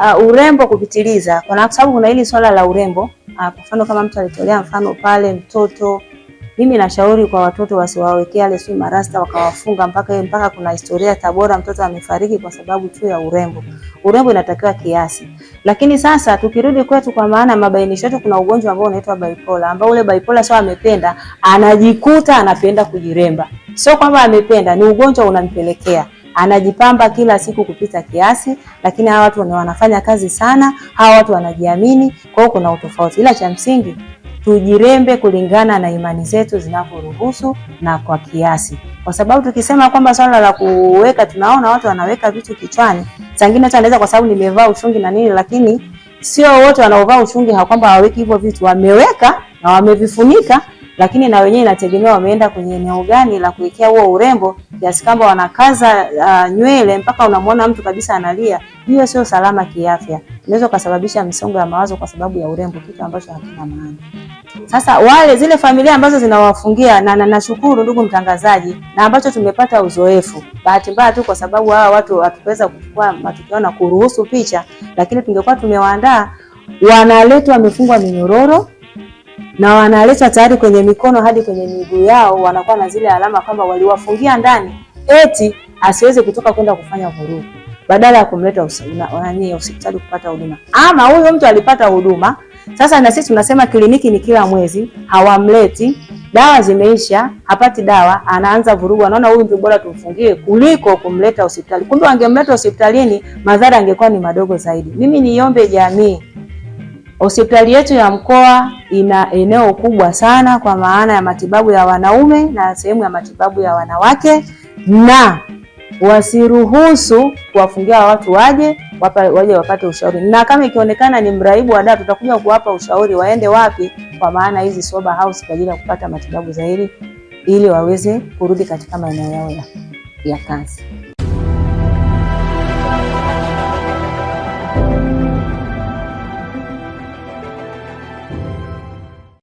Uh, urembo kupitiliza, kwa sababu kuna hili swala la urembo. Uh, Kwa mfano kama mtu alitolea mfano pale mtoto, mimi nashauri kwa watoto wasiwawekea ile sui marasta wakawafunga mpaka mpaka. Kuna historia Tabora, mtoto amefariki kwa sababu tu ya urembo. Urembo inatakiwa kiasi, lakini sasa tukirudi kwetu, kwa maana mabainisho yetu, kuna ugonjwa ambao unaitwa bipolar, ambao ule bipolar sio amependa, anajikuta anapenda kujiremba, sio kwamba amependa, ni ugonjwa unampelekea anajipamba kila siku kupita kiasi, lakini hawa watu wanafanya kazi sana, hawa watu wanajiamini. Kwa hiyo kuna utofauti, ila cha msingi tujirembe kulingana na imani zetu zinavyoruhusu na kwa kiasi, kwa sababu tukisema kwamba swala la kuweka, tunaona watu wanaweka vitu kichwani, sangine hata anaweza kwa sababu nimevaa ushungi na nini, lakini sio wote wanaovaa ushungi kwamba hawaweki hivyo vitu, wameweka na wamevifunika lakini na wenyewe inategemea wameenda kwenye eneo gani la kuwekea huo urembo, kiasi kwamba wanakaza uh, nywele mpaka unamwona mtu kabisa analia. Hiyo sio salama kiafya, inaweza kusababisha msongo wa mawazo kwa sababu ya urembo, kitu ambacho hakina maana. Sasa wale zile familia ambazo zinawafungia na nashukuru na, ndugu mtangazaji, na ambacho tumepata uzoefu, bahati mbaya tu kwa sababu hawa watu hatukuweza kuchukua matukio na kuruhusu picha, lakini tungekuwa tumewaandaa, wanaletwa wamefungwa minyororo na wanaleta tayari kwenye mikono hadi kwenye miguu yao, wanakuwa na zile alama kwamba waliwafungia ndani, eti asiweze kutoka kwenda kufanya vurugu, badala ya kumleta nani hospitali kupata huduma. Ama huyo mtu alipata huduma, sasa na sisi tunasema kliniki ni kila mwezi, hawamleti dawa zimeisha, hapati dawa, anaanza vurugu, anaona huyu mtu bora tumfungie kuliko kumleta hospitali. Kumbe wangemleta hospitalini, madhara angekuwa ni madogo zaidi. Mimi niombe jamii Hospitali yetu ya mkoa ina eneo kubwa sana kwa maana ya matibabu ya wanaume na sehemu ya matibabu ya wanawake, na wasiruhusu kuwafungia watu waje wapa, waje wapate ushauri, na kama ikionekana ni mraibu wa dawa tutakuja kuwapa ushauri waende wapi, kwa maana hizi sober house kwa ajili ya kupata matibabu zaidi ili waweze kurudi katika maeneo yao ya kazi.